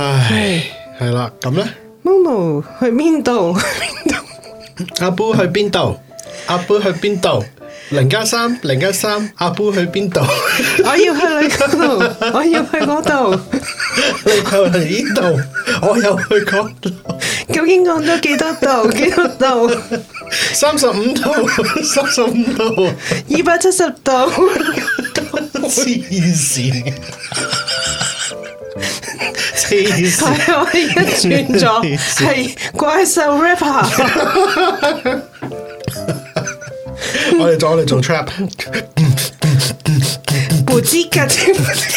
唉，係啦，咁咧 Momo 去邊度？ 阿 Boo 去邊度？3, 3, 阿 Boo 去邊度？零加三，零加三，阿 Boo 去邊度？我要去你嗰度， 我要去嗰度， 你又去呢度，我又去嗰 度，究竟講咗幾多度？幾多度？三十五度，三十五度，二百七十度，黐線。黐線，我哋轉咗，係怪獸 rapper。我哋做，我哋做 trap，唔知嘅，知唔知？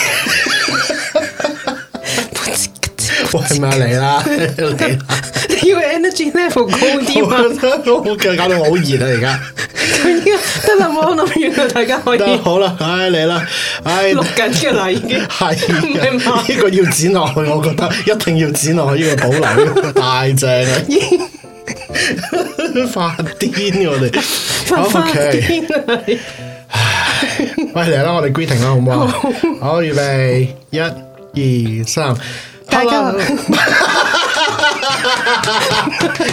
係咪嚟啦？要 energy level 高啲嘛？我腳搞到好熱啊！而家而家得啦，冇可能熱到大家可以好啦。唉，嚟啦！唉，錄緊嘅啦，已經係。呢個要剪落去，我覺得一定要剪落去。呢個保留太正啦！發癲，我哋發癲係。喂，嚟啦，我哋 greeting 啦，好唔好啊？好，預備，一、二、三。太啦，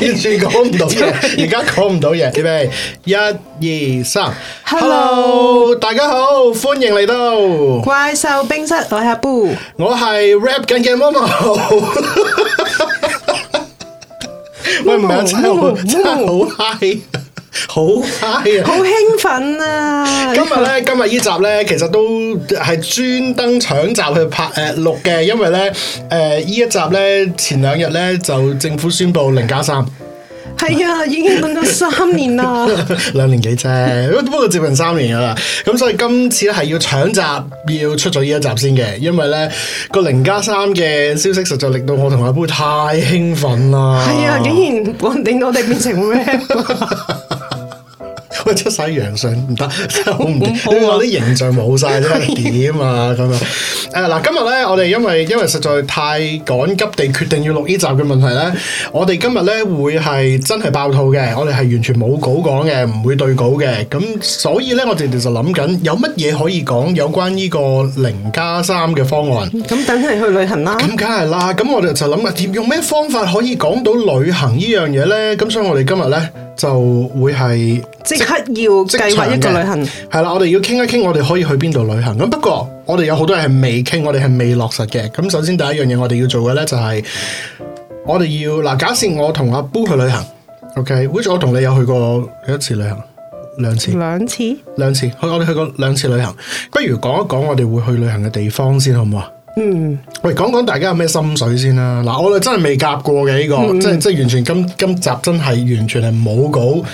完全講唔到嘢，而家講唔到嘢，預備一二三，Hello，大家好，歡迎嚟到怪獸冰室，我係阿 Boo，我係 rap 緊嘅 Momo，喂，唔係，猜好嗨。 好 high 啊！好興奮啊！今日呢， 今日呢集呢，其實都係專登搶閘，去拍，誒，錄嘅，因為呢，誒、呃、呢一集呢，前兩日呢，就政府宣布零加三，係 啊，已經等咗三年啦，兩 年幾啫， 不過接近三年噶啦，咁 所以今次呢，係要搶閘，要出咗呢一集先嘅。因為呢，個零加三嘅消息實在令到我同阿杯太興奮啦，係啊，竟然穩定到我哋變成咩？出晒洋相唔得，真係好唔掂，你話啲形象冇晒真係點啊咁啊！誒，嗱，今日咧，我哋因為因為實在太趕急地決定要錄呢集嘅問題咧，我哋今日咧會係真係爆肚嘅，我哋係完全冇稿講嘅，唔會對稿嘅，咁所以咧，我哋哋就諗緊有乜嘢可以講有關呢個零加三嘅方案。咁等係去旅行啦，咁梗係啦。咁我哋就諗下點用咩方法可以講到旅行呢樣嘢咧？咁所以我哋今日咧。就會係即刻要計劃一,一個旅行，係啦，我哋要傾一傾，我哋可以去邊度旅行咁。不過我哋有好多人係未傾，我哋係未落實嘅。咁首先第一樣嘢，我哋要做嘅呢，就係我哋要，嗱，假設我同 Ar Boo 去旅行，OK，好似我同你有去過一次旅行，兩次，兩次，兩次，去我哋去過兩次旅行，不如講一講我哋會去旅行嘅地方先，好唔好啊？嗯，喂，講講大家有咩心水先啦。嗱，我哋真係未夾過嘅呢個，即係即係完全今今集真係完全係冇稿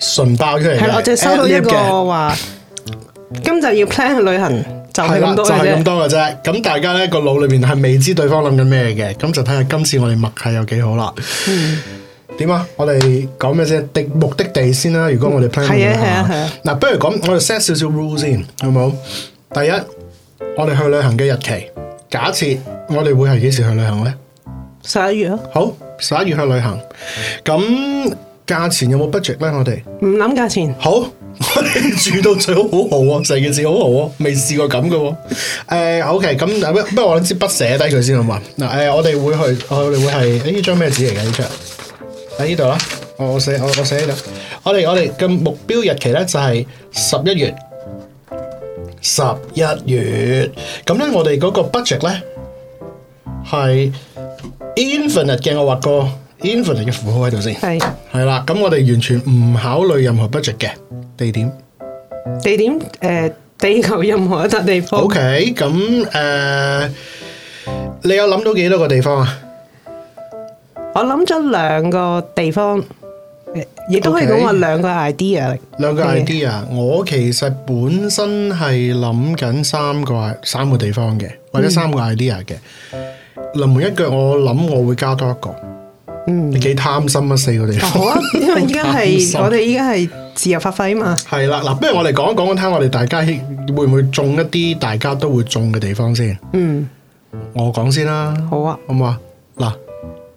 純爆出嚟嘅。係我即係收到一個話，今集要 plan 去旅行就係咁多嘅啫。咁大家咧個腦裏面係未知對方諗緊咩嘅，咁就睇下今次我哋默契有幾好啦。點啊？我哋講咩先？目的地先啦。如果我哋 plan 去旅行，係啊，係啊，係啊，嗱，不如咁，我哋 set 少少 rule 先，好唔好？第一，我哋去旅行嘅日期。假設我哋會係幾時去旅行咧？十一月咯。好，十一月去旅行。咁價錢有冇 budget 咧？我哋唔諗價錢。好，我 哋住到最好，好豪啊！成件事好豪啊！未試過咁嘅喎。誒、 uh,，OK，咁不不如我諗支筆寫低，佢先好嘛。嗱，誒，我哋會去，我哋會係呢張咩紙嚟嘅呢張？喺呢度啦，我寫我我寫喺度。我哋我哋嘅目標日期咧就係十一月。十一月。咁咧我哋嗰個 budget 咧係 infinite 嘅，我畫個 infinite 嘅符號喺度先。係係啦，咁我哋完全唔考慮任何 budget 嘅。地點。地點誒，地球任何一笪地方。OK，咁誒，你有諗到幾多個地方啊？我諗咗兩個地方。亦都可以講話嗎，兩個 idea，兩個 idea 是。我其實本身係諗緊三個三個地方嘅，嗯、或者三個 idea 嘅。臨門一腳，我諗我會加多一個。嗯貪，幾貪心啊！四個地方，好 啊是！因為依家係我哋依家係自由發揮嘛。係啦， 嗱，不如我哋講一講，睇下我哋大家會唔會中一啲，大家都會中嘅地方先。嗯，我講先啦。好啊，好唔好啊？嗱，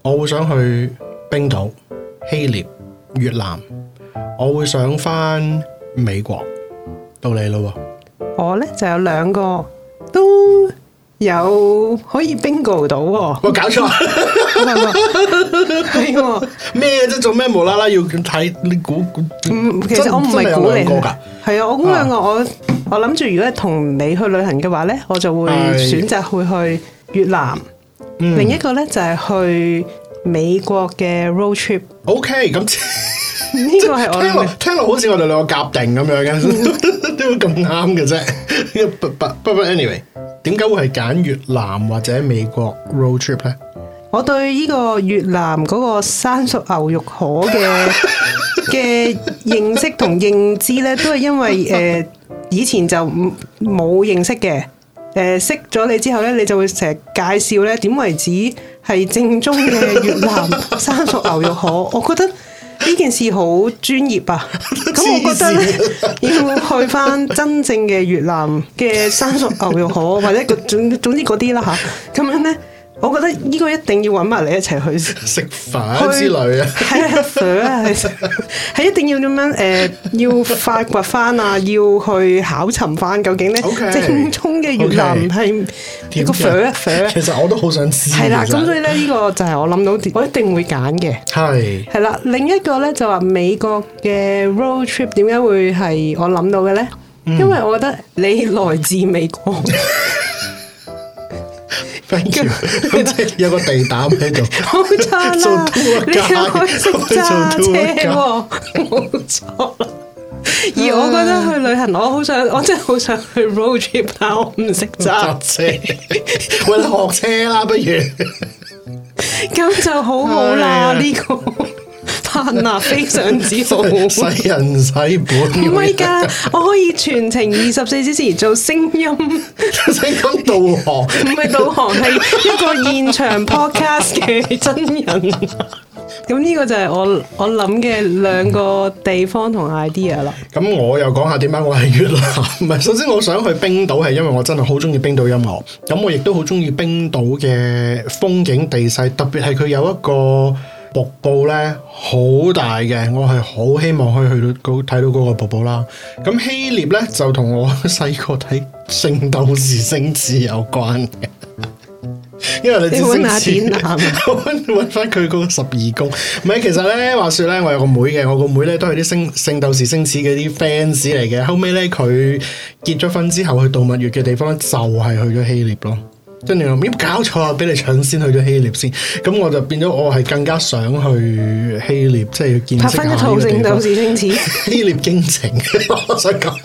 我會想去冰島、希臘。越南，我會想翻美國到。你咯喎，我咧，就有兩個都有可以 bingo 到。我搞錯，係咩啫？做咩無啦啦要睇你估？嗯，其實我唔係估你。係啊，我估兩個，我我諗住如果係同你去旅行嘅話咧，我就會選擇會去越南，另一個咧就係去美國嘅 road trip，OK，咁呢個係聽落聽落好似我哋兩個夾定咁樣嘅，都、 anyway, 會咁啱嘅啫？不不 anyway 點解會係揀越南或者美國 road trip 咧？我對呢個越南嗰個生熟牛肉河嘅嘅 認識同認知咧，都係因為誒、呃、以前就冇認識嘅，誒、呃、識咗你之後咧，你就會成日介紹咧點為止。係正宗嘅越南生熟牛肉河，我覺得呢件事好專業啊！咁 我，瘋我覺得咧，要去返真正嘅越南嘅生熟牛肉河，或者個總，總之嗰啲啦吓，咁、啊、樣咧。我覺得呢個一定要揾埋你一齊去食飯之類啊，係啊，嗦啊，係一定要咁樣誒？要發掘翻啊，要去考尋翻究竟呢正宗嘅越南係一個嗦一嗦，其實我都好想知。係啦，咁所以咧呢個就係我諗到，我一定會揀嘅。係係啦，另一個咧就話美國嘅 road trip 點解會係我諗到嘅咧？因為我覺得你來自美國。咁即係有個地膽喺度，好差啦！你又開識揸車，冇錯。而我覺得去旅行，我好想，我真係好想去 road trip 啊！但我唔識揸車，我哋學車啦，不如。咁就好好啦，呢個。困難非常之大， 洗人洗本人。唔係㗎，我可以全程二十四小時做聲音，唔使講導航，唔係導航，係一個現場 podcast 嘅真人。咁 呢 個就係我我諗嘅兩個地方同 idea 啦。咁、嗯、我又講下點解我喺越南。唔係，首先我想去冰島係因為我真係好中意冰島音樂。咁我亦都好中意冰島嘅風景地勢，特別係佢有一個瀑布咧，好大嘅，我係好希望可以去到睇到嗰個瀑布啦。咁希臘咧就同我細個睇聖鬥士星矢有關嘅， 因為你知星矢。你揾阿典啊？揾揾翻佢嗰十二宮。唔係，其實咧，話說咧，我有個妹嘅，我個妹咧都係啲星聖鬥士星矢嗰啲 fans 嚟嘅。後尾咧佢結咗婚之後去度蜜月嘅地方就係、是、去咗希臘咯。真你話咩搞錯啊！俾你搶先去咗希臘先，咁我就變咗我係更加想去希臘，即係要見拍翻個圖景就是先似 希臘驚情， 我想講說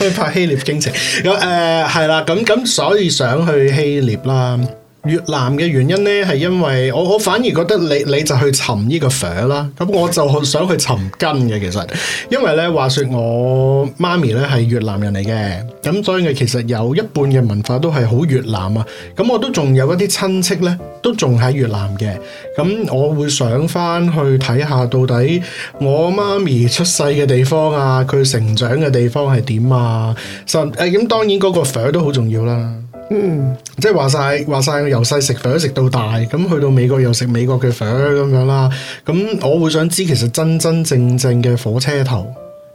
去 拍希臘驚情，咁誒係啦，咁、呃、咁所以想去希臘啦。越南嘅原因呢，係因為我我反而覺得你你就去尋呢個 f 啦，咁我就好想去尋根嘅其實，因為呢話說我媽咪呢係越南人嚟嘅，咁所以其實有一半嘅文化都係好越南啊，咁我都仲有一啲親戚呢，都仲喺越南嘅，咁我會想翻去睇下到底我媽咪出世嘅地方啊，佢成長嘅地方係點啊，實誒咁當然嗰個 f 都好重要啦。嗯，即係話晒，話晒我由細食粉食到大，咁去到美國又食美國嘅粉咁樣啦。咁我會想知其實真真正正嘅火車頭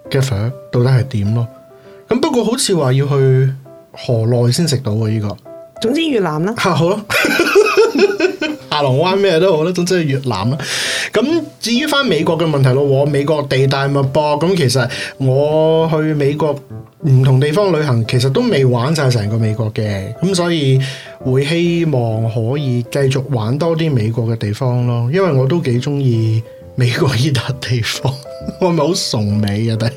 嘅粉到底係點咯？咁不過好似話要去河內先食到啊！呢、這個總之越南啦，吓、啊、好咯， 下龍灣咩都好啦，總之係越南啦。咁至於返美國嘅問題咯，我美國地大物博，咁其實我去美國。唔同地方旅行，其實都未玩晒成個美國嘅，咁所以會希望可以繼續玩多啲美國嘅地方咯。因為我都幾中意美國呢笪地方， 我係咪好崇美啊？但係，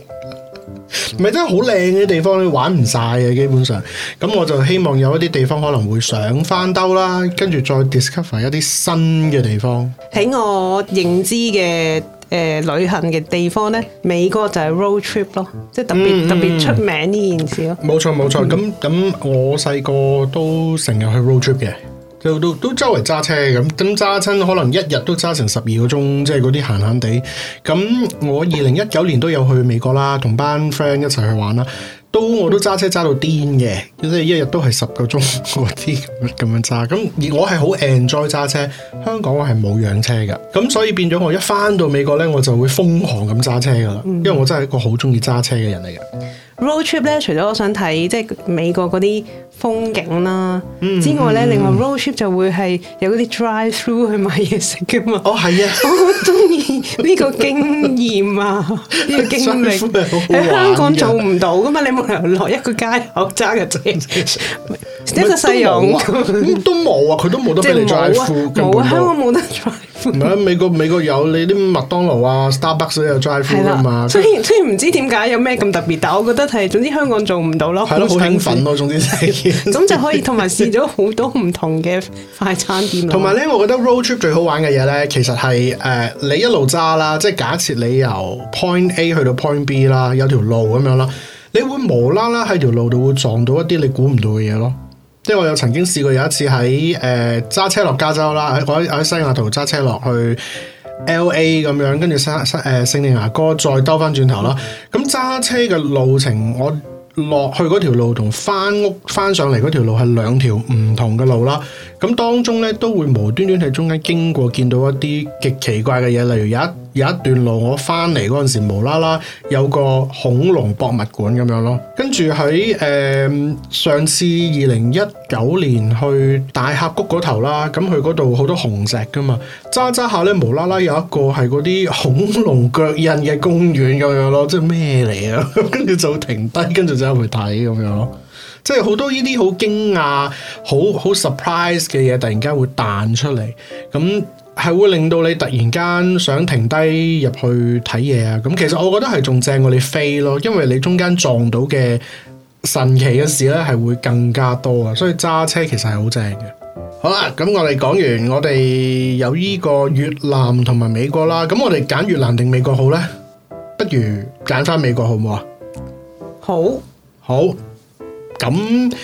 唔係真係好靚嘅地方，你玩唔晒嘅基本上。咁我就希望有一啲地方可能會想翻兜啦，跟住再 discover 一啲新嘅地方。喺我認知嘅。誒、呃、旅行嘅地方呢，美國就係 road trip 咯，即係特別、嗯、特別出名呢件事咯。冇錯冇錯，咁咁、嗯、我細個都成日去 road trip 嘅，就都都周圍揸車咁，咁揸親可能一日都揸成十二個鐘，即係嗰啲閒閒地。咁我二零一九年都有去美國啦，同班 friend 一齊去玩啦。都我都揸車揸到癲嘅，即係一日都係十個鐘嗰啲咁樣揸。咁我係好 enjoy 揸車。香港我係冇養車嘅，咁所以變咗我一返到美國咧，我就會瘋狂咁揸車噶啦。因為我真係一個好中意揸車嘅人嚟嘅。Road trip 咧，除咗我想睇即係美國嗰啲風景啦，之外咧，另外 road trip 就會係有嗰啲 drive through 去買嘢食噶嘛。哦，係啊，我好中意呢個經驗啊，呢個經歷喺香港做唔到噶嘛。你冇理由落一個街口揸架車，一個細路都冇啊，佢都冇得俾你 drive through。冇啊，香港冇得 drive through。唔係啊，美國美國有你啲麥當勞啊、Starbucks 都有 drive through 噶嘛。雖然雖然唔知點解有咩咁特別，但我覺得係，總之香港做唔到咯。係咯，好興奮咯，總之係。咁 就可以試同埋試咗好多唔同嘅快餐店同埋咧，我覺得 road trip 最好玩嘅嘢咧，其實係誒、呃、你一路揸啦，即係假設你由 point A 去到 point B 啦，有條路咁樣啦，你會無啦啦喺條路度會撞到一啲你估唔到嘅嘢咯。即係我有曾經試過有一次喺誒揸車落加州啦，我喺西雅圖揸車落去 L A 咁樣，跟住西誒聖地牙哥再兜翻轉頭啦。咁揸車嘅路程我。落去嗰條路同翻屋翻上嚟嗰條路係兩條唔同嘅路啦，咁當中呢，都會無端端喺中間經過見到一啲極奇怪嘅嘢，例如有一。有一段路我翻嚟嗰陣時，無啦啦有個恐龍博物館咁樣咯，跟住喺誒上次二零一九年去大峽谷嗰頭啦，咁佢嗰度好多紅石噶嘛，揸揸下咧無啦啦有一個係嗰啲恐龍腳印嘅公園咁樣咯，即係咩嚟啊？跟 住就停低，跟住就去睇咁樣咯，即係好多呢啲好驚訝、好好 surprise 嘅嘢，突然間會彈出嚟咁。係會令到你突然間想停低入去睇嘢啊。咁其實我覺得係仲正過你飛咯，因為你中間撞到嘅神奇嘅事咧係會更加多啊！所以揸車其實係好正嘅。好啦，咁我哋講完，我哋有呢個越南同埋美國啦。咁我哋揀越南定美國好呢？不如揀翻美國好唔好啊？好好咁。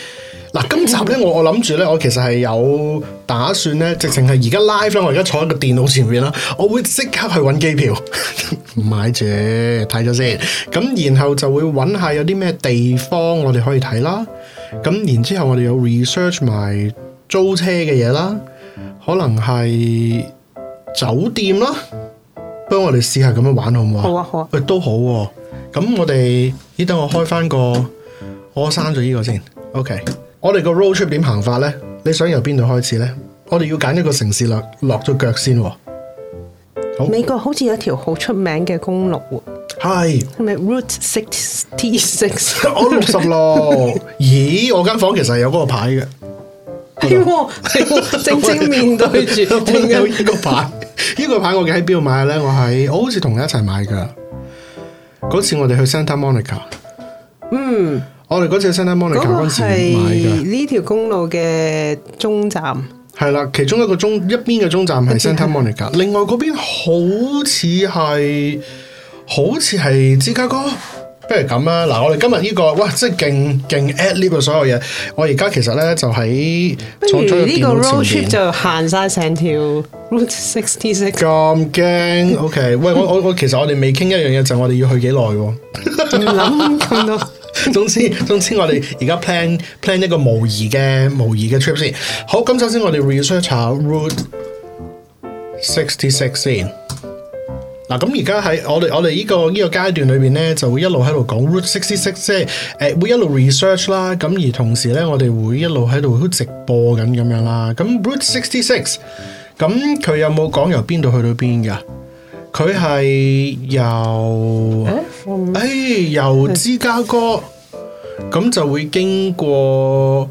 嗱，今集咧，我我諗住咧，我其實係有打算咧，直情係而家 live 咧，我而家坐喺個電腦前面啦，我會即刻去搵機票，買住睇咗先，咁然後就會搵下有啲咩地方我哋可以睇啦，咁然之後我哋有 research 埋租車嘅嘢啦，可能係酒店啦，不如我哋試下咁樣玩好唔好啊？好啊，好啊，誒、哎、都好喎、啊，咁我哋咦，等我開翻個，我刪咗呢個先，OK。我哋個 road trip 點行法咧？你想由邊度開始咧？我哋要揀一個城市落落咗腳先。好，美國好似有條好出名嘅公路，係係咪 Route 66？我六 十、哦、六？ 咦，我間房間其實有嗰個牌嘅。 哇，正正面對住， 我有們呢了、這個牌。呢 個牌我記喺邊度買咧？我喺我好似同你一齊買嘅。嗰次我哋去 Santa Monica。嗯。我哋嗰次 Santa Monica 嗰時買嘅，呢條公路嘅終站係啦，其中一個中一邊嘅終站係 Santa Monica，另外嗰邊好似係好似係芝加哥。不如咁啊，嗱，我哋今日呢、這個，哇，即係勁勁 at 呢個所有嘢。我而家其實咧就喺，不如呢個 road trip 就行晒成條 Route Sixty Six，咁驚？OK， 喂，我我我，其實我哋未傾一樣嘢，就係、我哋要去幾耐喎。諗咁多。 總之總之我哋而家 plan plan 一個模擬嘅模擬嘅 trip 先。好，咁首先我哋 research 下 Route 66先。嗱、啊，咁而家喺我哋我哋呢、呢個呢、呢個階段裏邊咧，就會一路喺度講 Route 66，即係誒、呃、會一路 research 啦、啊。咁而同時咧，我哋會一路喺度直播緊咁樣啦。咁、啊、Route 66，咁、啊、佢有冇講由邊度去到邊㗎？佢係由誒、哎，由芝加哥咁就會經過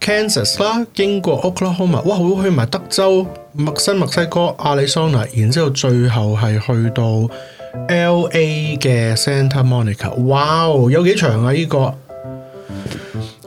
Kansas 啦，經過 Oklahoma，哇，好去埋德州、墨西哥、亞利桑那，然之後最後係去到 LA 嘅 Santa Monica，哇有幾長啊呢、這個？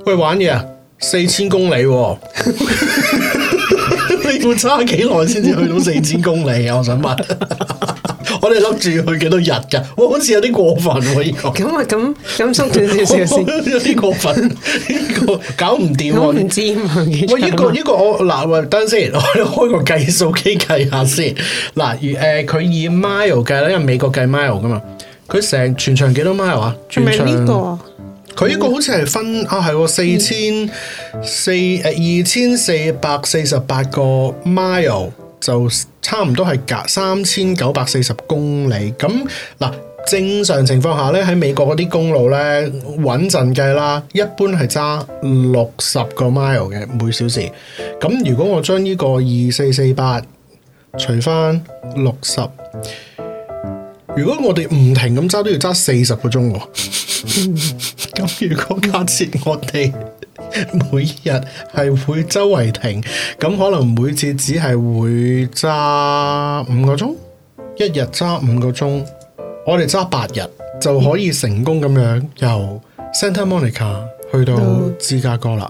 喂，玩嘢啊，四千公里、啊， 你要揸幾耐先至去到四千公里啊？我想問。 我哋諗住去幾多日噶？我好似有啲過分喎，啊，呢個。咁，這，啊，個，咁咁縮短少少先。有啲過分，呢個搞唔掂。唔知嘛？喂，呢個呢個我嗱，等陣先，我開個計數機計下先。嗱，啊，誒、呃，佢，呃，以 mile 計咧，因為美國計 mile 噶嘛。佢成全場幾多 mile 啊？全場。佢呢，這個，個好似係分啊，係四千四誒二千四百四十八個 mile 就。差唔多係隔三千九百四十公里。咁嗱，正常情況下咧，喺美國嗰啲公路咧，穩陣計啦，一般係揸六十個 mile 嘅每小時。咁如果我將呢個二四四八除翻六十，如果我哋唔停咁揸都要揸四十個鐘喎。咁如果假設我哋。每日係會周圍停，咁可能每次只係會揸五個鐘，一日揸五個鐘，我哋揸八日就可以成功咁樣由 Santa Monica 去到芝加哥啦。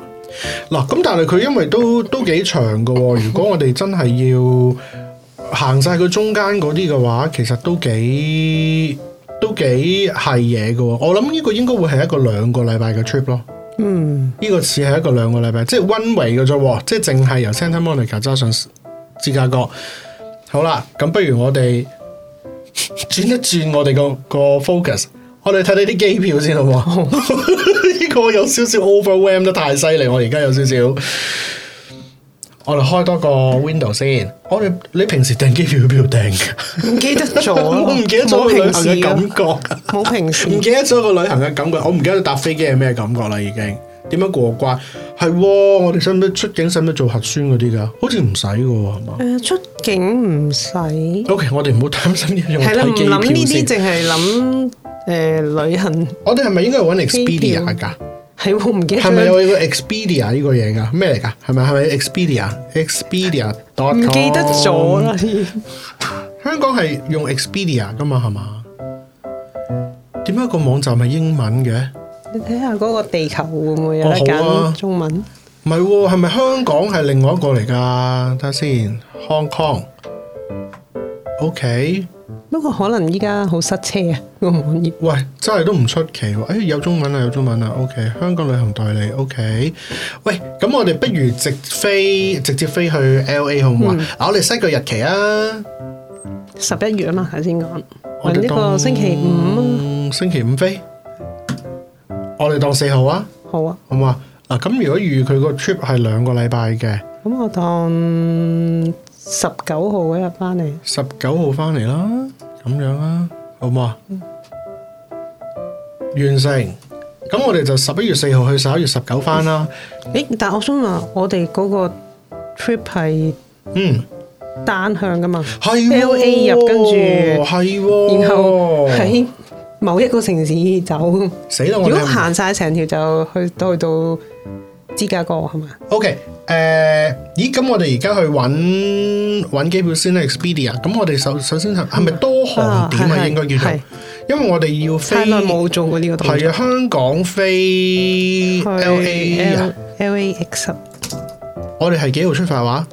嗱、嗯、咁、啊、但係佢因為都都幾長噶、哦， 如果我哋真係要行晒佢中間嗰啲嘅話，其實都幾都幾係嘢噶、哦。我諗呢個應該會係一個兩個禮拜嘅 trip 咯。嗯，呢個似係一個兩個禮拜，即係 one way 嘅啫，即係淨係由 Santa Monica 揸上芝加哥。好啦，咁不如我哋轉一轉我哋個個 focus，我哋睇睇啲機票先好唔好？呢、哦、 個有少少 overwhelm 得太犀利，我而家有少少。我哋開多個 window 先。我、哦、哋你，你平時訂機票去邊度訂？唔記得咗， 我唔記得咗旅行嘅感覺，好平時，唔 記得咗個旅行嘅感覺。我唔記得搭飛機係咩感覺啦，已經。點樣過關？係我哋使唔使出境，使唔使做核酸嗰啲噶？好似唔使噶喎，係嘛？出境唔使。OK，我哋唔好擔心呢樣。係啦，唔諗呢啲，淨係諗誒旅行。我哋係咪應該揾 Expedia 噶？係我唔記得。係咪有個 Expedia 呢個嘢㗎？咩嚟㗎？係咪係咪 Expedia？Expedia.com 唔記得咗啦！ 香港係用 Expedia 㗎嘛？係嘛？點解個網站係英文嘅？你睇下嗰個地球會唔會有得揀、哦啊、中文？唔係喎，係 咪樂香港係另外一個嚟㗎？睇下先，Hong Kong。OK。不過可能依家好塞車啊，我唔滿意。喂，真係都唔出奇。哎，有中文啊，有中文啊。OK，香港旅行代理。OK，喂，咁我哋不如直飛，直接飛去 LA 好唔好啊？嗱、嗯，我哋 set 個日期啊，十一月啊嘛，頭先講，我哋呢個星期五，啊，星期五飛，我哋當四號啊。好啊，好唔好啊？嗱，咁如果預佢個 trip 係兩個禮拜嘅，咁我當。十九號嗰日翻嚟，十九號翻嚟啦，咁樣啦，好唔好啊？完成，咁我哋就十一月四號去，十一月十九翻啦。誒，但係我想問，我哋嗰個 trip 係嗯單向噶嘛？係喎，L A 入，跟住係喎，然後喺某一個城市走，死啦我！如果行晒成條就去都去到。芝加哥係嘛？OK，誒、uh，咦，咁我哋而家去揾揾機票先咧？Expedia，咁我哋首首先係係咪多航點啊？應該叫做，因為我哋要飛，真冇做過呢個，係啊，香港飛 LA，啊、L A 啊，L A X，我哋係幾號出發話？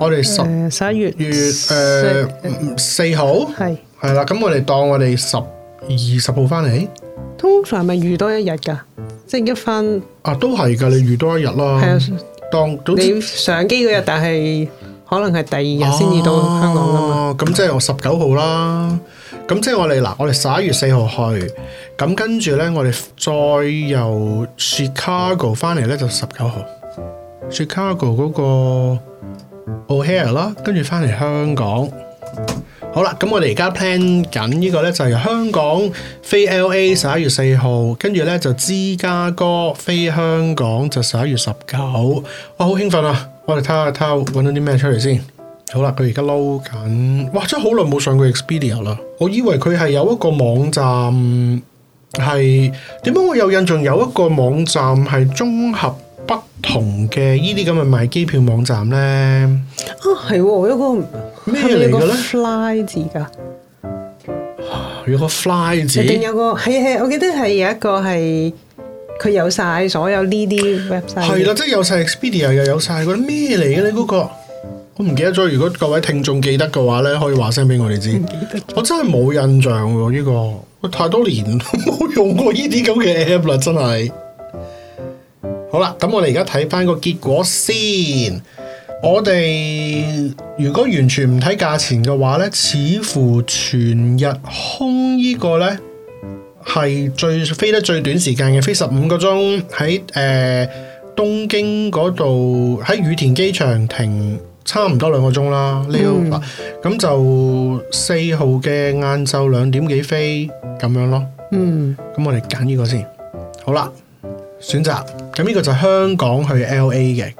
我哋十十一月月誒四號，係、呃、係啦，咁我哋當我哋十二十號翻嚟。通常係咪預多一日噶？即係一翻啊，都係噶，你預多一日啦。係啊，當總之你上機嗰日，但係可能係第二日先至到香港噶嘛。咁即係我十九號啦。咁即係我哋嗱，我哋十一月四號去，咁跟住咧，我哋再由 Chicago 翻嚟咧就十九號。Chicago 嗰個 O'Hare 啦，跟住翻嚟香港。好啦，咁我哋而家 plan 緊呢個呢，就係、是、香港飛 LA 十一月四號，跟住呢，就芝加哥飛香港就十一月十九，哇好興奮啊！我哋睇下睇下，搵到啲咩出嚟先？好啦，佢而家撈緊，哇真係好耐冇上過 Expedia 啦！我以為佢係有一個網站，係點解我有印象有一個網站係綜合。不同嘅呢啲咁嘅賣機票網站咧啊，係有個咩嚟嘅咧？fly 字噶、啊，有個 fly 字，一定有一個係係，我記得係有一個係佢有晒所有呢啲 website。係啦，即係有晒 Expedia 又有晒，嗰啲咩嚟嘅咧？嗰、嗰個我唔記得咗。如果各位聽眾記得嘅話咧，可以話聲俾我哋知。記得我真係冇印象喎，呢、呢個太多年都冇用過呢啲咁嘅 app 啦，真係。好啦，咁我哋而家睇翻個結果先。我哋如果完全唔睇價錢嘅話呢，似乎全日空呢個呢係最飛得最短時間嘅，飛十五個鐘，喺誒東京嗰度，喺羽田機場停差唔多兩個鐘啦。咁、嗯、就四號嘅晏晝兩點幾飛，咁樣咯。嗯，咁我哋揀呢個先。好啦。選擇，咁呢個就香港去 L A 嘅，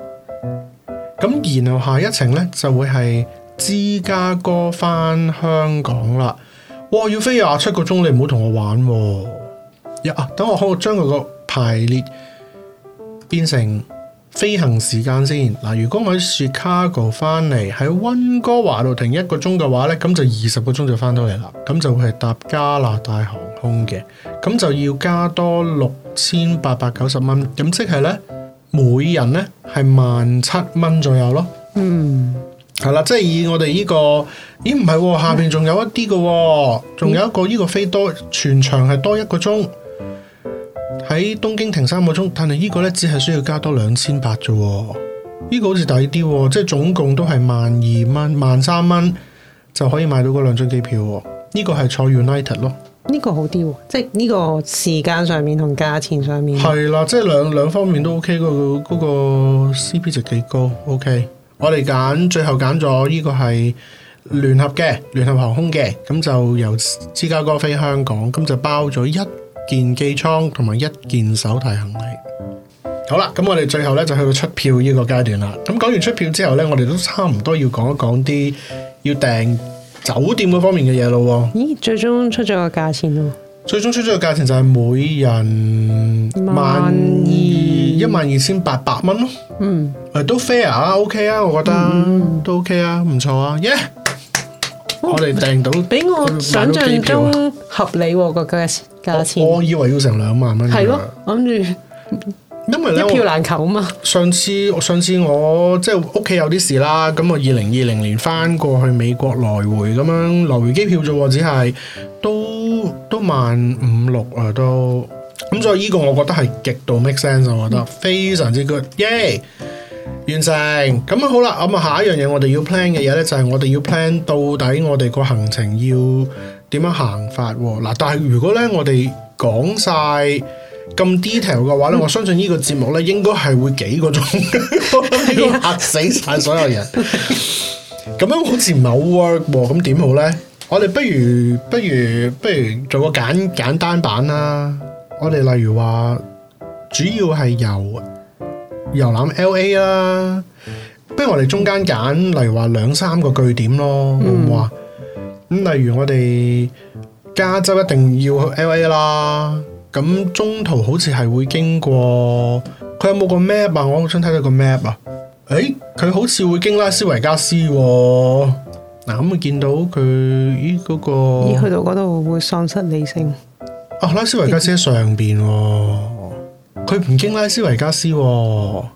咁然後下一程咧就會係芝加哥翻香港啦。哇，要飛廿七個鐘，你唔好同我玩喎。一、yeah，等我將佢個排列變成。飛行時間先嗱，如果我喺雪卡 i c g o 翻嚟，喺溫哥華度停一個鐘嘅話咧，咁就二十個鐘就翻到嚟啦，咁就會係搭加拿大航空嘅，咁就要加多六千八百九十蚊，咁即係咧每人咧係萬七蚊左右咯。嗯，係啦，即係以我哋呢、這個咦唔係、哦，下邊仲有一啲嘅、哦，仲、嗯、有一個呢、這個飛多全場係多一個鐘。喺東京停三個鐘，但係呢個咧只係需要加多兩千八啫，呢個好似抵啲，即係總共都係萬二蚊，萬三蚊就可以買到嗰兩張機票。呢個係坐 United 咯，呢個好啲喎，即係呢個時間上面同價錢上面係啦，即係兩兩方面都 OK，嗰個嗰個 CP 值幾高。OK，我哋揀最後揀咗呢個係聯合嘅聯合航空嘅，咁就由芝加哥飛香港，咁就包咗一。件寄艙同埋一件手提行李。好啦，咁我哋最後呢就去到出票呢個階段啦。咁講完出票之後呢，我哋都差唔多要講一講啲要訂酒店嗰方面嘅嘢咯。咦，最終出咗個價錢咯？最終出咗個價錢就係每人萬二一萬二千八百蚊咯。嗯，uh, 都 fair 啊，OK 啊，我覺得、啊、嗯嗯都 OK 啊，唔錯啊，耶、yeah!！我哋訂到，比我想象中合理、啊嗰個價價錢我。我以為要成兩萬蚊。係咯，諗住，因為咧一票難求啊嘛。我上次我，上次我即係屋企有啲事啦，咁我二零二零年返過去美國來回咁樣，留回機票啫喎，只係都都萬五六啊都。咁所以呢個我覺得係極度 make sense，我覺得、嗯、非常之 good。耶！完成咁，啊好啦，咁、嗯、啊下一樣嘢我哋要 plan 嘅嘢咧，就係、是、我哋要 plan 到底我哋個行程要點樣行法喎嗱、啊，但係如果咧我哋講晒咁 detail 嘅話咧，嗯、我相信個節呢個節目咧應該係會幾個鐘，要吓 死晒所有人，咁 樣好似唔係好 work 喎、啊，咁點好咧？我哋不如不如不如做個簡簡單版啦，我哋例如話主要係由。遊覽 LA 啦，不如我哋中間揀，例如話兩三個據點咯，好唔好啊？咁例如我哋加州一定要去 LA 啦，咁中途好似係會經過，佢有冇個 map 啊？我好想睇到個 map 啊！誒，佢好似會經拉斯維加斯，嗱咁啊見到佢咦嗰個咦去到嗰度會喪失理性啊！拉斯維加斯喺上邊。佢唔經拉斯維加斯。哦，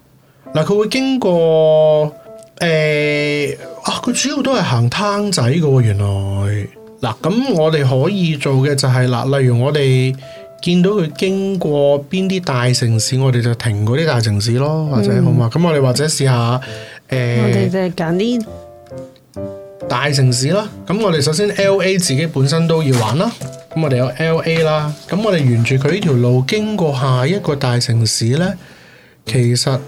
嗱佢會經過誒、呃、啊，佢主要都係行攤仔噶喎，原來嗱咁、啊、我哋可以做嘅就係、是、啦，例如我哋見到佢經過邊啲大城市，我哋就停嗰啲大城市咯，或者、嗯、好嘛？咁我哋或者試下誒，呃、我哋即係揀啲大城市啦。咁我哋首先 LA 自己本身都要玩啦。咁我哋有 L.A. 啦，咁我哋沿住佢呢條路經過下一個大城市呢，其實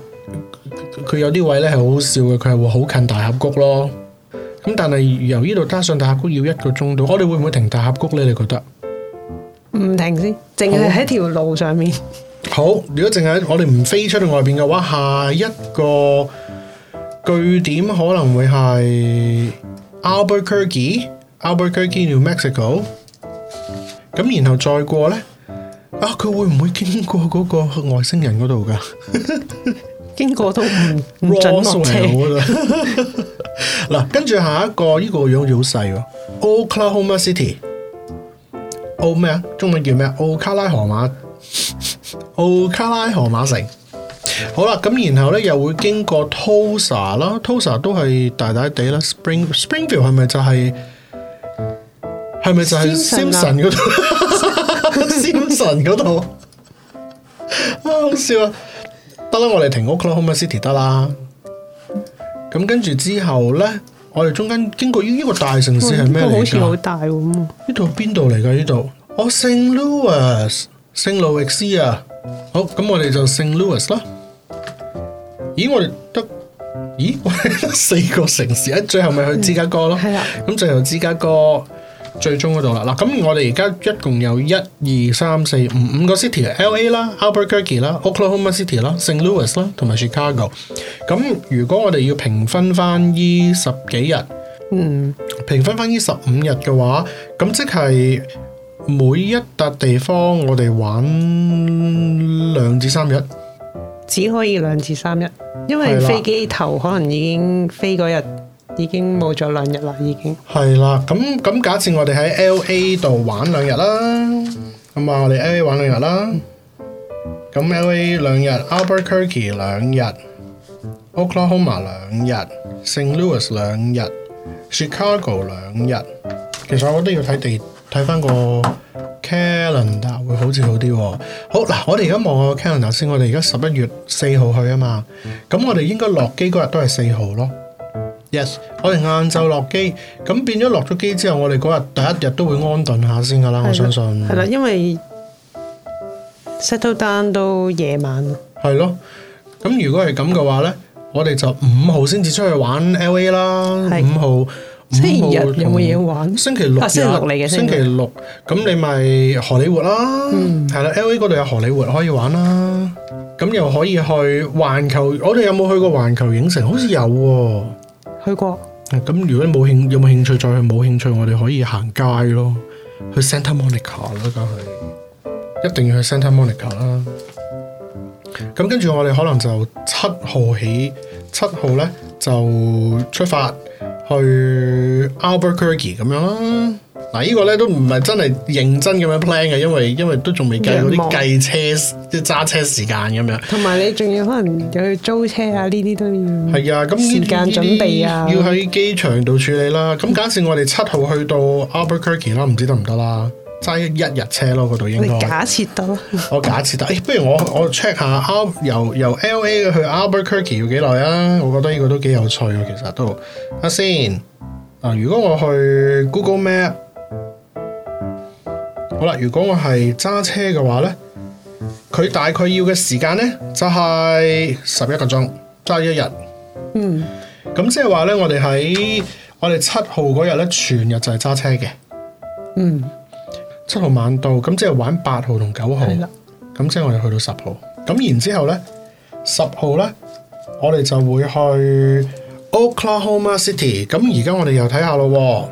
佢有啲位呢係好好笑嘅，佢係會好近大峽谷咯。咁但係由呢度加上大峽谷要一個鐘到，我哋會唔會停大峽谷呢？你覺得？唔停先，淨係喺條路上面。好。好，如果淨係我哋唔飛出去外邊嘅話，下一個據點可能會係 Albuquerque，Albuquerque，New Mexico。咁然後再過呢？啊佢會唔會經過嗰個外星人嗰度噶？ 經過都唔唔准落車。嗱， 跟住下一個呢、呢個樣好似好細喎，Oklahoma City，O 咩、哦、啊？中文叫咩啊？奧克拉河馬，奧卡拉河馬城。好啦，咁然後呢，又會經過 Tulsa 啦，Tulsa 都係大大地啦。Spring Springfield 係咪就係、是？係咪就係 Simpson 嗰度 Simpson 嗰度啊，好笑啊！得啦，我哋停屋啦 Oklahoma City 得啦。咁跟住之後咧，我哋中間經過呢個大城市係咩？哦，這個、好似好大咁、哦、呢度邊度嚟噶？呢度我 Saint Louis Saint Louis 啊！好，咁、嗯、我哋就 Saint Louis 啦。咦，我哋得？咦，我哋得四個城市、啊，喺最後咪去芝加哥咯？係啦、嗯。咁最、啊、後芝加哥。最終嗰度啦，嗱咁我哋而家一共有一二三四五五個 city，LA 啦、Albuquerque 啦、Oklahoma City 啦、St. Louis 啦，同埋 Chicago。咁如果我哋要平分翻呢十幾日，嗯，平分翻呢十五日嘅話，咁即係每一笪地方我哋玩兩至三日，只可以兩至三日，因為飛機頭可能已經飛嗰日。已經冇咗兩日啦，已經。係啦，咁咁假設我哋喺 L A 度玩兩日啦，咁啊，我哋 L A 玩兩日啦。咁 L A 兩日，Albuquerque 兩日，Oklahoma 兩日，St Louis 兩日，Chicago 兩日。其實我覺得要睇地睇翻個 calendar 會好似好啲，哦。好嗱，我哋而家望下個 calendar 先，我哋而家十一月四號去啊嘛，咁我哋應該落機嗰日都係四號咯。yes，我哋晏晝落機，咁變咗落咗機之後，我哋嗰日第一日都會安頓下先噶啦。我相信係啦，因為 settle down 都夜晚咯。係咯，咁如果係咁嘅話咧，我哋就五號先至出去玩 LA 啦。五號星期日有冇嘢玩？星期六，星期六嚟嘅，星期六，咁你咪荷里活啦，係啦。LA 嗰度有荷里活可以玩啦，咁又可以去環球。我哋有冇去過環球影城？好似有喎。去過，咁、嗯、如果你冇興有冇興趣再去冇興趣，我哋可以行街咯，去 Santa Monica 啦，梗係一定要去 Santa Monica 啦。咁跟住我哋可能就七號起，七號咧就出發去 Albuquerque 咁樣啦。嗱，啊這個、呢個咧都唔係真係認真咁樣 plan 嘅，因為因為都仲未計嗰啲計車即揸車時間咁樣。同埋你仲要可能去租車啊，呢啲都要。係啊，咁時間準備啊，要喺機場度處理啦。咁假設我哋七號去到 Albuquerque 啦，唔知得唔得啦？揸一日車咯，嗰度應該。假設得，得？我假設得。誒，不如我我 check 下阿由由，由 LA 去 Albuquerque 要幾耐啊？我覺得呢個都幾有趣啊，其實都。阿先，嗱，如果我去 Google Map。好啦，如果我係揸車嘅話咧，佢大概要嘅時間咧就係十一個鐘，揸一日。嗯，咁即係話咧，我哋喺我哋七號嗰日咧，全日就係揸車嘅。嗯，七號晚到，咁即係玩八號同九號。係啦，咁即係我哋去到十號，咁然之後咧，十號咧，我哋就會去 Oklahoma City。咁而家我哋又睇下咯，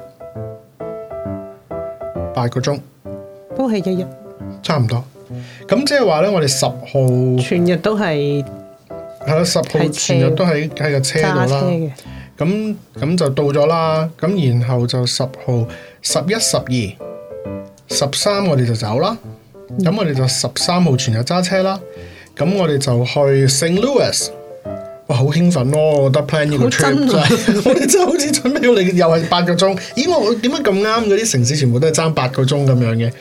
八個鐘。都係一日，差唔多。咁即係話咧，我哋十號全日都係，係啦，十號全日都喺喺個車度啦。咁咁就到咗啦。咁然後就十號、十一、十二、十三，我哋就走啦。咁我哋就十三號全日揸車啦。咁我哋就去 Saint Louis 哇，好興奮咯！我覺得 plan 呢個 trip 真係、啊， 我哋真係好似準備要嚟，又係八個鐘。咦？我點解咁啱嘅啲城市全部都係爭八個鐘咁樣嘅？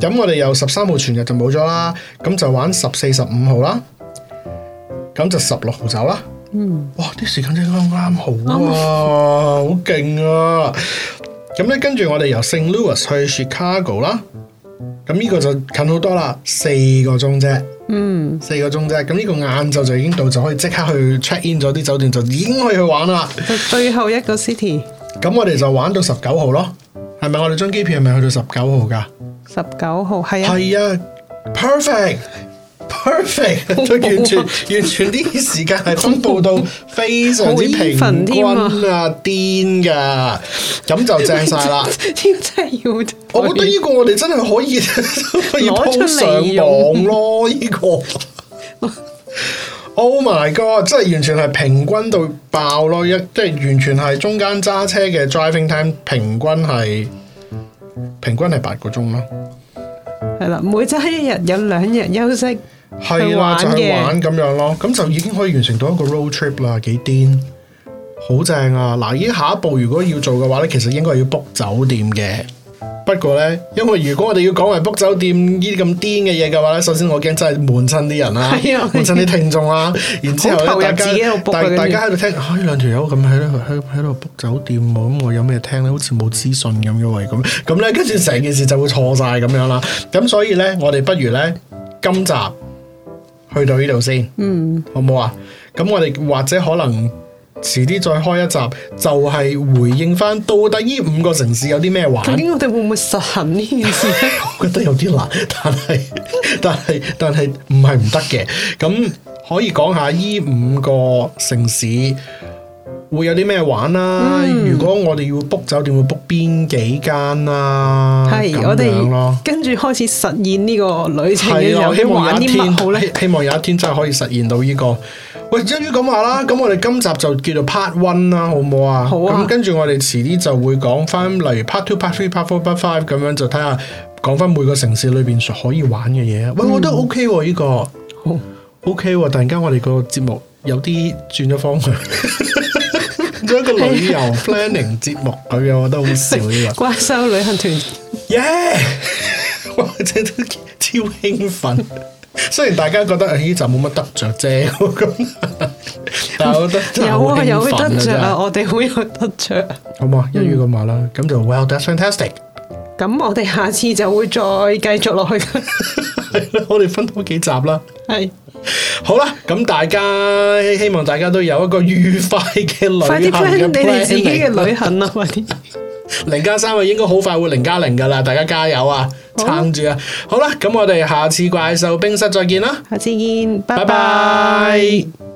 咁我哋由十三號全日就冇咗啦，咁就玩十四、十五號啦，咁就十六號走啦。嗯，哇！啲時間真係啱啱好啊，嗯、好勁啊！咁咧，跟住我哋由 Saint Louis 去 Chicago 啦。咁呢個就近好多啦，四個鐘啫。嗯，四個鐘啫，咁呢個晏晝就已經到，就可以即刻去 check in 咗啲酒店，就已經可以去玩啦。就最後一個 city，咁 我哋就玩到十九號咯。係咪我哋張機票係咪去到十九號噶？十九號係啊，係啊，啊，perfect。Perfect，都完全完全啲時間係分布到非常之平均啊，癲噶 粉、啊，咁就正晒啦！ 真真要真係要，我覺得呢個我哋真係可以 可以鋪上網咯，呢、呢個。 Oh my god！真係完全係平均到爆咯，一即係完全係中間揸車嘅 driving time 平均係平均係八個鐘咯。係啦，每揸一日有兩日休息。係啦，就係、是、玩咁樣咯，咁就已經可以完成到一個 road trip 啦，幾癲，好正啊！嗱，已經下一步如果要做嘅話咧，其實應該係要 book 酒店嘅。不過咧，因為如果我哋要講埋 book 酒店呢啲咁癲嘅嘢嘅話咧，首先我驚真係悶親啲人啦，悶親啲聽眾啦。 然之後投大家，大家喺度聽，啊、哎，呢兩條友咁喺度喺度 book 酒店，咁我有咩聽咧？好似冇資訊咁嘅喎，咁咁咧，跟住成件事就會錯晒咁樣啦。咁所以咧，以呢以呢以我哋不如咧今集。今去到呢度先，嗯，好唔好啊？咁我哋或者可能遲啲再開一集，就係回應翻到底呢五個城市有啲咩玩？究竟我哋會唔會實行呢件事咧？ 我覺得有啲難，但係但係但係唔係唔得嘅。咁可以講下呢五個城市。會有啲咩玩啦？如果我哋要 book 酒店，會 book 邊幾間啊？係，我哋咁跟住開始實現呢個旅程嘅有玩啲乜好咧？希望有一天真係可以實現到呢個。喂，一於咁話啦，咁我哋今集就叫做 Part One 啦，好唔好啊？好啊。咁跟住我哋遲啲就會講翻，例如 Part Two、Part Three、Part Four、Part Five 咁樣，就睇下講翻每個城市裏邊可以玩嘅嘢。喂，我覺得 OK 喎，呢個 OK 喎。突然間我哋個節目有啲轉咗方向。做一個旅遊 planning 節目咁樣， 我覺得好少呢個。怪獸旅行團，耶！我真係都超興奮奮。 雖然大家覺得呢集冇乜得着啫咁， 但係我覺得有啊有得着啊，我哋好有得着。好嘛吧，一於咁話啦，咁就 Well done，Fantastic！咁我哋下次就會再繼續落去。係啦， 我哋分多幾集啦。係。好啦，咁大家希望大家都有一個愉快嘅旅行，你哋自己嘅旅行啦。零加三啊，3, 應該好快會零加零噶啦，大家加油啊，撐住啊！Oh. 好啦，咁我哋下次怪獸冰室再見啦，下次見，拜拜。Bye bye